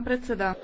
predseda